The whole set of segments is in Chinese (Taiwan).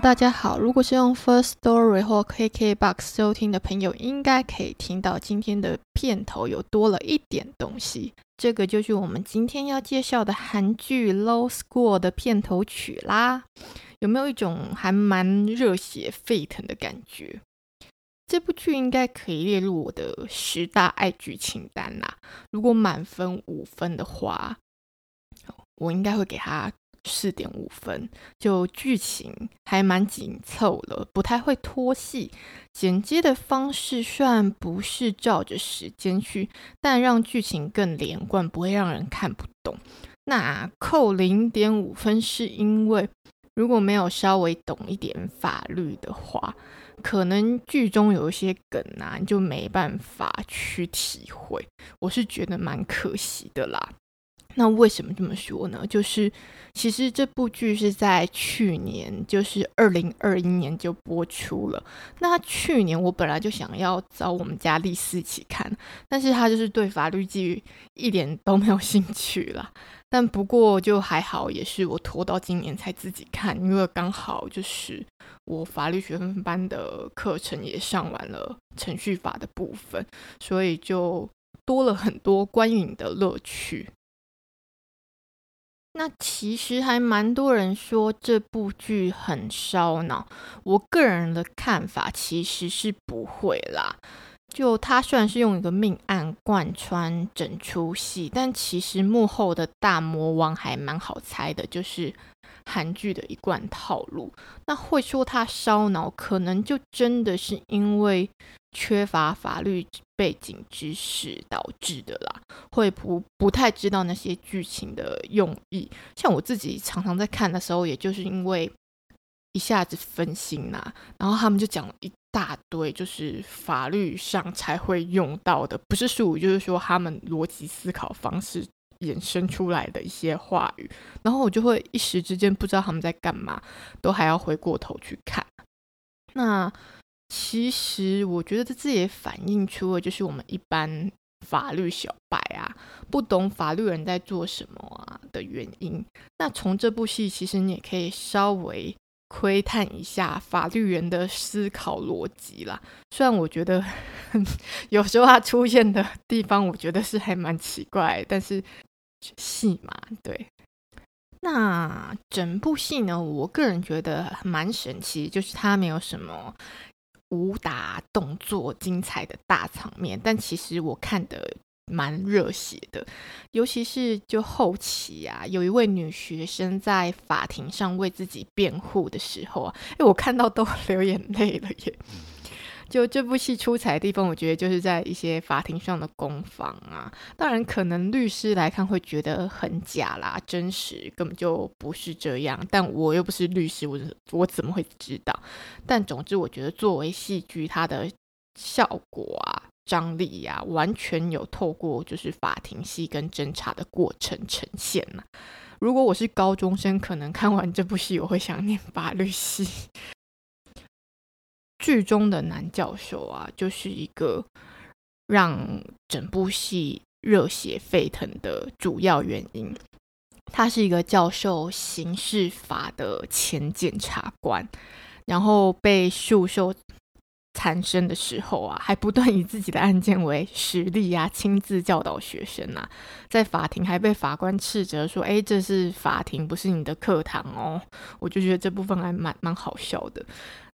大家好，如果是用 Firstory 或 KKBOX 收聽的朋友，應該可以聽到今天的片頭有多了一點東西。這個就是我們今天要介紹的韓劇《Law School》的片頭曲啦。有沒有一種還蠻熱血沸騰的感覺？這部劇應該可以列入我的十大愛劇清單啦、啊。如果滿分五分的話，我應該會給他。四點五分，就劇情還蠻緊湊了，不太會拖戲。剪接的方式雖然不是照着時間去，但讓劇情更連貫，不會讓人看不懂。那扣零點五分是因為，如果沒有稍微懂一點法律的話，可能劇中有一些梗啊，你就沒辦法去體會。我是覺得蠻可惜的啦。那為什麼這麼說呢？就是其實這部劇是在去年，就是二零二一年就播出了。那去年我本來就想要找我們家利斯一起看，但是他就是對法律劇一點都沒有興趣啦。但不過就還好，也是我拖到今年才自己看，因為剛好就是我法律學分班的課程也上完了程序法的部分，所以就多了很多觀影的樂趣。那其實還蠻多人說這部劇很燒腦，我個人的看法其實是不會啦。就他雖然是用一個命案貫穿整出戲，但其實幕後的大魔王還蠻好猜的，就是。韓劇的一貫套路，那會說他燒腦，可能就真的是因為缺乏法律背景知識導致的啦，會不不太知道那些劇情的用意。像我自己常常在看的時候，也就是因為一下子分心啦，然後他們就講了一大堆，就是法律上才會用到的，不是術語，就是說他們邏輯思考方式，衍生出來的一些話語，然後我就會一時之間不知道他們在幹嘛，都還要回過頭去看。那其實我覺得這這也反映出了就是我們一般法律小白啊，不懂法律人在做什麼啊的原因。那從這部戲，其實你也可以稍微窺探一下法律人的思考邏輯啦。雖然我覺得呵呵有時候他出現的地方，我覺得是還蠻奇怪，但是。戲嘛，對。那整部戲呢，我個人覺得蠻神奇，就是它沒有什麼武打動作精彩的大場面，但其實我看的蠻熱血的。尤其是就後期啊，有一位女學生在法庭上為自己辯護的時候啊，誒，我看到都流眼淚了耶。就這部戲出彩的地方，我覺得就是在一些法庭上的攻防啊。當然，可能律師來看會覺得很假啦，真實根本就不是這樣。但我又不是律師，我我怎麼會知道？但總之，我覺得作為戲劇，它的效果啊、張力呀、啊，完全有透過就是法庭戲跟偵查的過程呈現嘛、啊。如果我是高中生，可能看完這部戲，我會想念法律系。劇中的男教授啊，就是一個讓整部戲熱血沸騰的主要原因。他是一個教授刑事法的前檢察官，然後被訴訟纏身的時候啊，還不斷以自己的案件為實例啊，親自教導學生啊。在法庭還被法官斥責說：“誒，這是法庭，不是你的課堂哦。”我就覺得這部分還蠻蠻好笑的。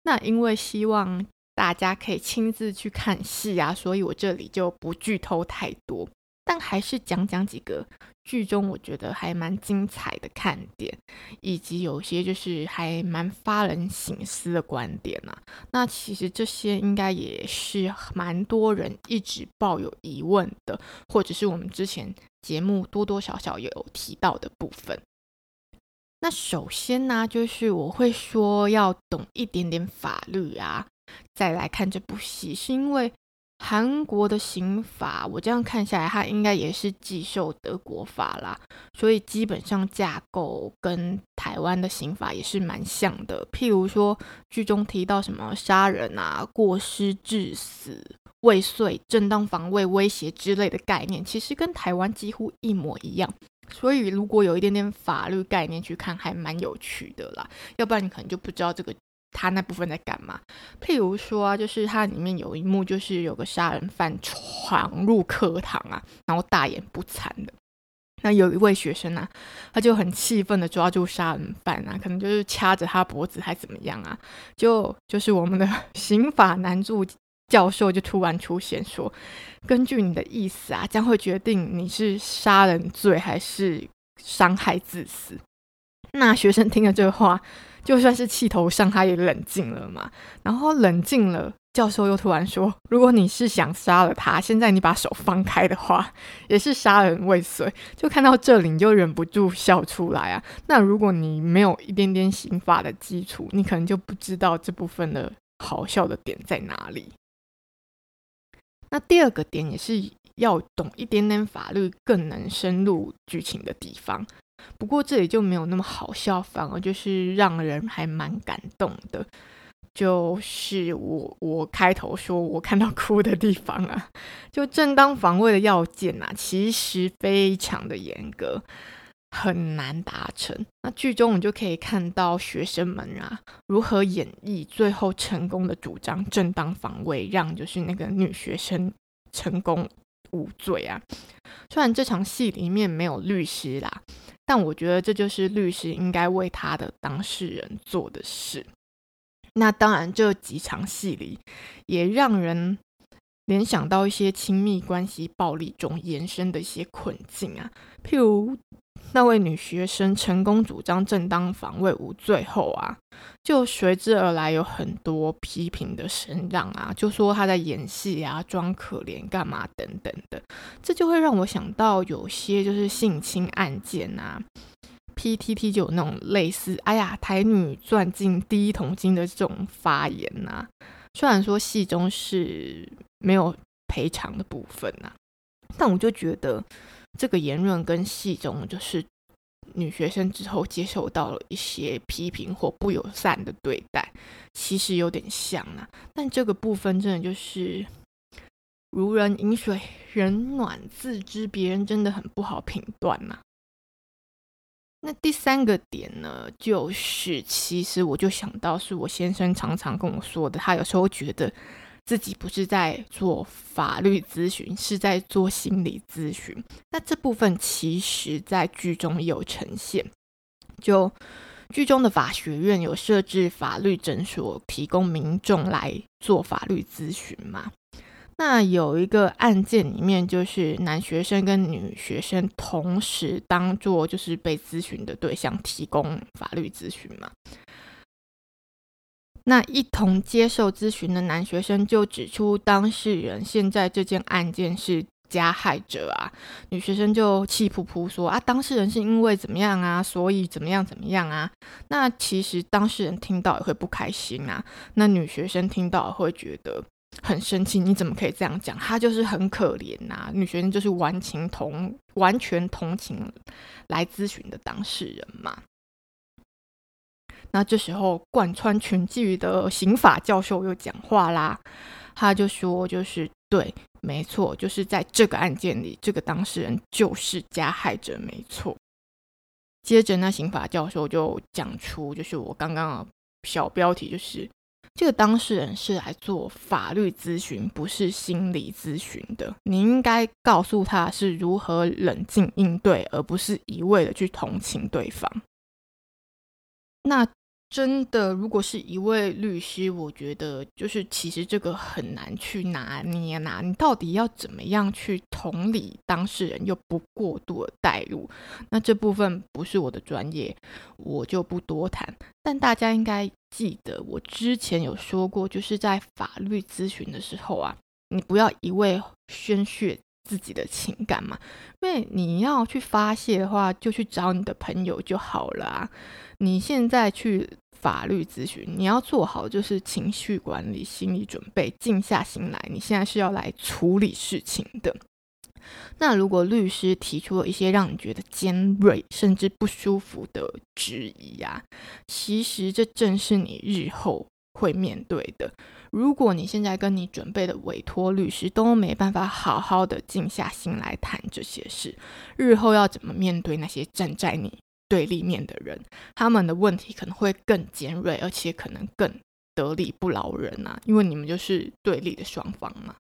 那因為希望大家可以親自去看戲啊，所以我這裡就不劇透太多，但還是講講幾個劇中我覺得還蠻精彩的看點，以及有些就是還蠻發人省思的觀點吶啊。那其實這些應該也是蠻多人一直抱有疑問的，或者是我們之前節目多多少少也有提到的部分。那首先呢、啊，就是我會說要懂一點點法律啊，再來看這部戲，是因為韓國的刑法，我這樣看下來，它應該也是繼受德國法啦，所以基本上架構跟台灣的刑法也是蠻像的。譬如說劇中提到什麼殺人啊、過失致死、未遂、正當防衛、威脅之類的概念，其實跟台灣幾乎一模一樣。所以，如果有一點點法律概念去看，還蠻有趣的啦。要不然你可能就不知道這個他那部分在幹嘛。譬如說啊，就是它裡面有一幕，就是有個殺人犯闖入課堂啊，然後大言不慚的。那有一位學生啊，他就很氣憤的抓住殺人犯啊，可能就是掐着他脖子還怎麼樣啊？就就是我們的刑法男主。教授就突然出現說：“根據你的意思啊，將會決定你是殺人罪還是傷害致死。”那學生聽了這話，就算是氣頭上，他也冷靜了嘛。然後冷靜了，教授又突然說：“如果你是想殺了他，現在你把手放開的話，也是殺人未遂。”就看到這裡，你就忍不住笑出來啊。那如果你沒有一點點刑法的基礎，你可能就不知道這部分的好笑的點在哪裡。那第二個點也是要懂一點點法律，更能深入劇情的地方。不過這裡就沒有那麼好笑，反而就是讓人還蠻感動的。就是我我開頭說我看到哭的地方啊，就正當防衛的要件啊，其實非常的嚴格。很難達成。那劇中我們就可以看到學生們啊，如何演繹最後成功的主張正當防衛，讓就是那個女學生成功無罪啊。雖然這場戲裡面沒有律師啦，但我覺得這就是律師應該為他的當事人做的事。那當然，這幾場戲裡也讓人聯想到一些親密關係暴力中延伸的一些困境啊，譬如。那位女學生成功主張正當防衛無罪後啊，就隨之而來有很多批評的聲浪啊，就說她在演戲啊，裝可憐幹嘛等等的，這就會讓我想到有些就是性侵案件啊，PTT 就有那種類似哎呀台女賺進第一桶金的這種發言啊。雖然說戲中是沒有賠償的部分啊，但我就覺得。這個言論跟戲中就是女學生之後接受到了一些批評或不友善的對待，其實有點像啊。但這個部分真的就是如人飲水，冷暖自知，別人真的很不好評斷嘛、啊。那第三個點呢，就是其實我就想到是我先生常常跟我說的，他有時候覺得。自己不是在做法律諮詢，是在做心理諮詢。那這部分其實，在劇中有呈現。就劇中的法學院有設置法律診所，提供民眾來做法律諮詢嘛。那有一個案件裡面，就是男學生跟女學生同時當做就是被諮詢的對象，提供法律諮詢嘛。那一同接受諮詢的男學生就指出，當事人現在這件案件是加害者啊。女學生就氣撲撲說：“啊，當事人是因為怎麼樣啊，所以怎麼樣怎麼樣啊。”那其實當事人聽到也會不開心啊。那女學生聽到會覺得很生氣，你怎麼可以這樣講？她就是很可憐吶、啊。女學生就是完全同完全同情來諮詢的當事人嘛。那這時候，貫穿全劇的刑法教授又講話啦。他就說：“就是對，沒錯，就是在這個案件裡，這個當事人就是加害者，沒錯。”接着，那刑法教授就講出：“就是我剛剛的小標題，就是這個當事人是來做法律諮詢，不是心理諮詢的。你應該告訴他是如何冷靜應對，而不是一味的去同情對方。”那。真的，如果是一位律師，我覺得就是其實這個很難去拿捏吶、啊。你到底要怎麼樣去同理當事人，又不過度的帶入？那這部分不是我的專業，我就不多談。但大家應該記得，我之前有說過，就是在法律諮詢的時候啊，你不要一味宣洩自己的情感嘛，因為你要去發洩的話，就去找你的朋友就好了啊。你現在去。法律諮詢，你要做好就是情緒管理、心理準備，靜下心來。你現在是要來處理事情的。那如果律師提出了一些讓你覺得尖銳甚至不舒服的質疑啊，其實這正是你日後會面對的。如果你現在跟你準備的委托律師都沒辦法好好的靜下心來談這些事，日後要怎麼面對那些站在你對立面的人，他們的問題可能會更尖銳，而且可能更得理不饒人吶、啊，因為你們就是對立的雙方嘛。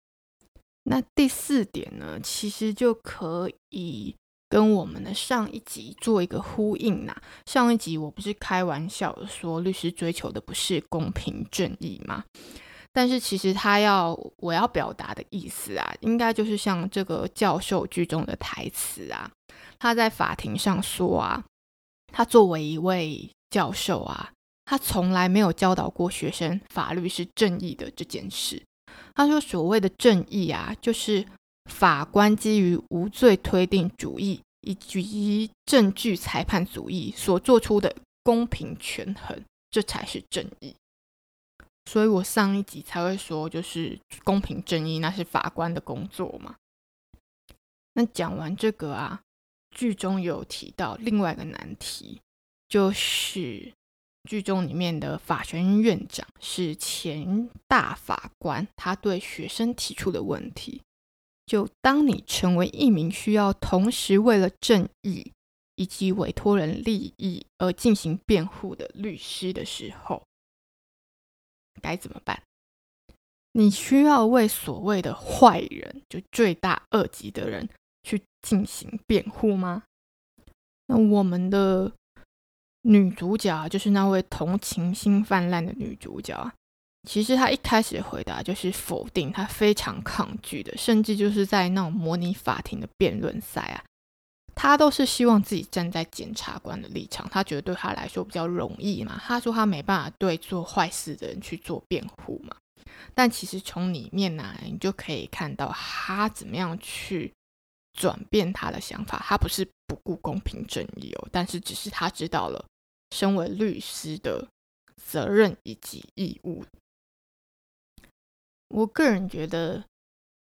那第四點呢，其實就可以跟我們的上一集做一個呼應吶、啊。上一集我不是開玩笑說律師追求的不是公平正義嗎？但是其實他要我要表達的意思啊，應該就是像這個教授劇中的台詞啊，他在法庭上說啊。他作為一位教授啊，他從來沒有教導過學生法律是正義的這件事。他說：“所謂的正義啊，就是法官基於無罪推定主義以及證據裁判主義所做出的公平權衡，這才是正義。”所以，我上一集才會說，就是公平正義，那是法官的工作嘛。那講完這個啊。劇中有提到另外一個難題，就是劇中裡面的法學院院長是前大法官，他對學生提出的問題：就當你成為一名需要同時為了正義以及委託人利益而進行辯護的律師的時候，該怎麼辦？你需要為所謂的壞人，就罪大惡極的人。進行辯護嗎？那我們的女主角啊，就是那位同情心泛濫的女主角啊，其實她一開始回答就是否定，她非常抗拒的，甚至就是在那種模擬法庭的辯論賽啊，她都是希望自己站在檢察官的立場，她覺得對她來說比較容易嘛。她說她沒辦法對做壞事的人去做辯護嘛。但其實從裡面呢，你就可以看到她怎麼樣去。轉變他的想法，他不是不顧公平正義哦，但是只是他知道了身為律師的責任以及義務。我個人覺得，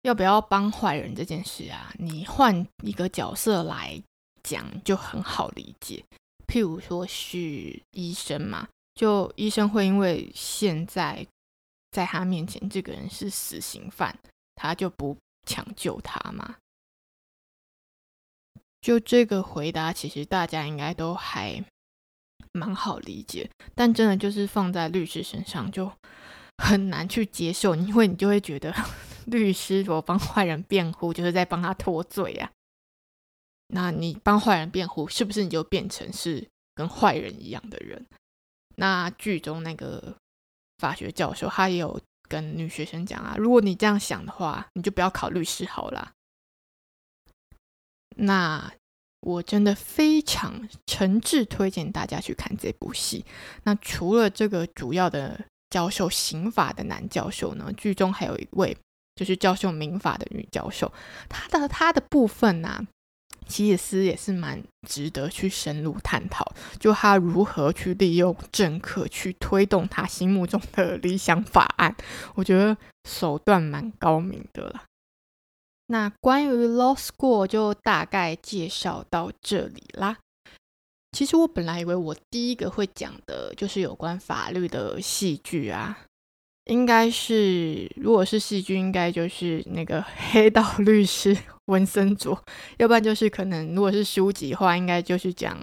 要不要幫壞人這件事啊，你換一個角色來講就很好理解。譬如說是醫生嘛，就醫生會因為現在在他面前這個人是死刑犯，他就不搶救他嘛？就這個回答，其實大家應該都還蠻好理解，但真的就是放在律師身上就很難去接受，因為你就會覺得律師如果幫壞人辯護，就是在幫他脫罪啊。那你幫壞人辯護，是不是你就變成是跟壞人一樣的人？那劇中那個法學教授，他也有跟女學生講啊，如果你這樣想的話，你就不要考律師好啦。那我真的非常誠摯推薦大家去看這部戲。那除了這個主要的教授刑法的男教授呢，劇中還有一位就是教授民法的女教授，她的她的部分呢、啊，其實也是蠻值得去深入探討，就她如何去利用政客去推動她心目中的理想法案，我覺得手段蠻高明的啦。那關於 Law School 就大概介紹到這裡啦。其實我本來以為我第一個會講的就是有關法律的戲劇啊，應該是如果是戲劇，應該就是那個《黑道律師》、《文森佐》，要不然就是可能如果是書籍的話，應該就是講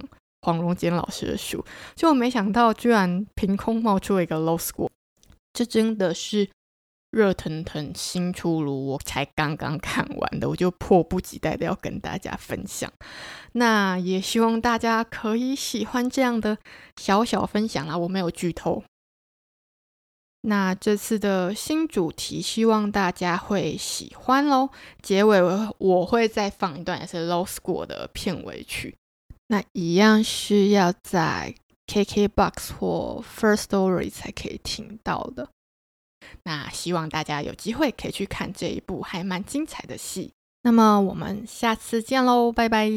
黃榮堅老師的書。就沒想到居然憑空冒出了一個 Law School，這真的是。熱騰騰新出爐，我才剛剛看完的，我就迫不及待的要跟大家分享。那也希望大家可以喜歡這樣的小小分享啦、啊，我沒有劇透。那這次的新主題，希望大家會喜歡嘍。結尾我會再放一段也是 Law School 的片尾曲，那一樣是要在 KKBOX 或 Firstory 才可以聽到的。那希望大家有機會可以去看這一部還蠻精彩的戲。那麼我們下次見嘍，拜拜。